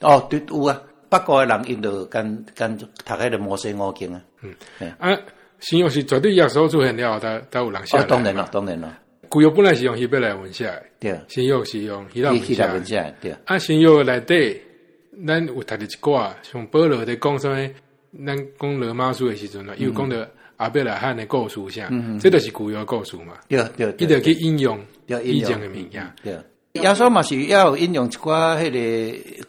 哦，對，有啊，不過人用着跟跟讀開啲摩西五經啊。嗯，啊，新約是絕對耶穌出現嘅，但但有人。啊，當然啦，當然啦。舊約本來是用希伯來文寫誒。對啊，新約係用俾人誒。下。啊，新約內底咱有讀一寡像保羅嘅講出嚟，咱講羅馬書誒時陣伊有講到阿伯拉罕誒故事。下，呢，這就是舊約故事嘛。對啊，一定要去應用，應用誒物件。對啊，耶穌嘛是要應用一寡迄個。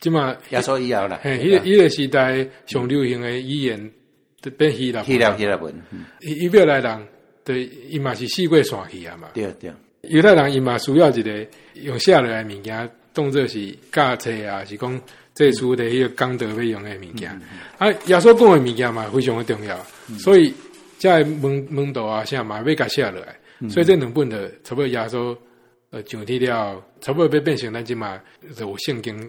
即嘛，耶穌以後啦，迄個迄個時代上流行嘅語言都變希臘，希臘希臘文，伊伊未來人對，伊嘛是四界算希啊嘛，對對啊，猶太人伊嘛需要一個用寫落來嘅物件，動作是駕冊啊，是講最初的迄個剛德要用嘅物件，嗯、啊，耶穌講嘅物件嘛，非常嘅重要，嗯、所以在門門道啊要，啥嘛要甲寫落來。所以這兩本的，差不多耶穌，呃，上天了後，差不多要變成咱即嘛就有聖經。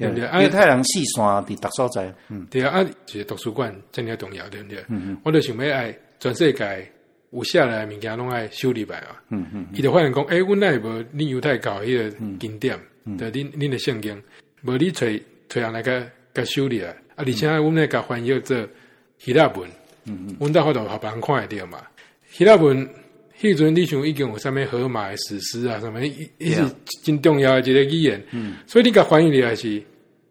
對唔對？猶太人四散佇逐所在。嗯，對啊，啊，就是圖書館真係重要，對唔對？我就想要愛全世界有下嚟物件攏愛修理埋啊！嗯嗯，伊哋發現講，誒，阮呢無恁猶太教迄個經典，就恁恁誒聖經，無，你揣揣人來甲甲修理啊！啊，而且阮呢甲翻譯做希臘文，嗯嗯，阮到後度互別人看一點嘛。希臘文，迄陣你想已經有啥物荷馬史詩啊，什麼一係真重要誒一個語言，嗯，所以你甲翻譯嚟是。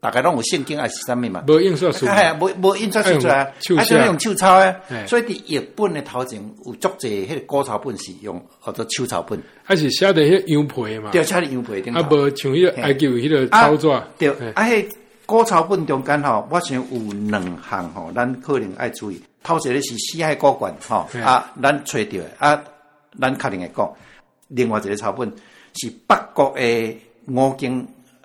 大概攏有聖經抑是什物嘛？無印刷術，係無印刷術。出啊！用手抄誒，對所以佇日本嘅頭前有足多迄古抄本是用做，或者手抄本，係是寫佇迄啲羊皮的嘛？著寫佇羊皮頂。啊，無像迄個埃及迄個草紙。對啊係，古抄本中間吼，我想有兩項吼，咱可能愛注意。頭先是死海古卷吼對、啊，啊，咱揣着啊，咱肯定會講另外一個抄本是北國嘅五經。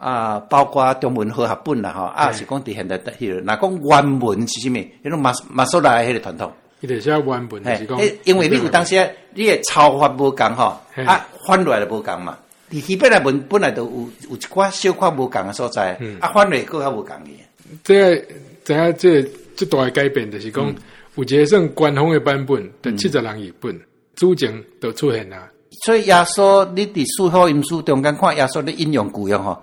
啊，包括中文和合本啦、啊，吼對，啊，是講佇現代啲嘢。若講原文啥物？迄種馬馬蘇拉個傳統。佢哋寫原文，係講對，是因為你有當時文你誒抄法無共吼，對啊，翻來就無共嘛。你原本文本來都有有一寡小可無共誒所在，嗯、啊，翻嚟更較無共伊。即、這個即係即個最大誒改變，就是講、嗯、有一個算官方誒版本，本，等七十人譯本主漸都出現啦。所以壓縮你佇書號、音書中間看壓縮啲引用古用、啊，吼。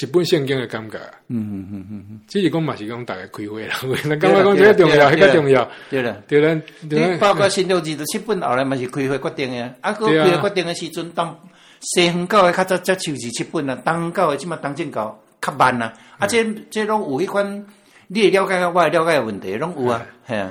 七本聖經嘅感覺，嗯嗯嗯嗯嗯，其實講嘛是講大家開會啦，剛才講這個重要，那個重要，對了，對了，對了。對對對，包括新六紀的七本，後來嘛是開會決定嘅，啊，嗰個開會決定嘅時，時，陣當西方教嘅較早，才求字七本啊，東方教嘅即嘛東正教較慢啊，啊這，即即攏有，一款，你了解嘅，我的了解嘅問題，攏有啊，吓。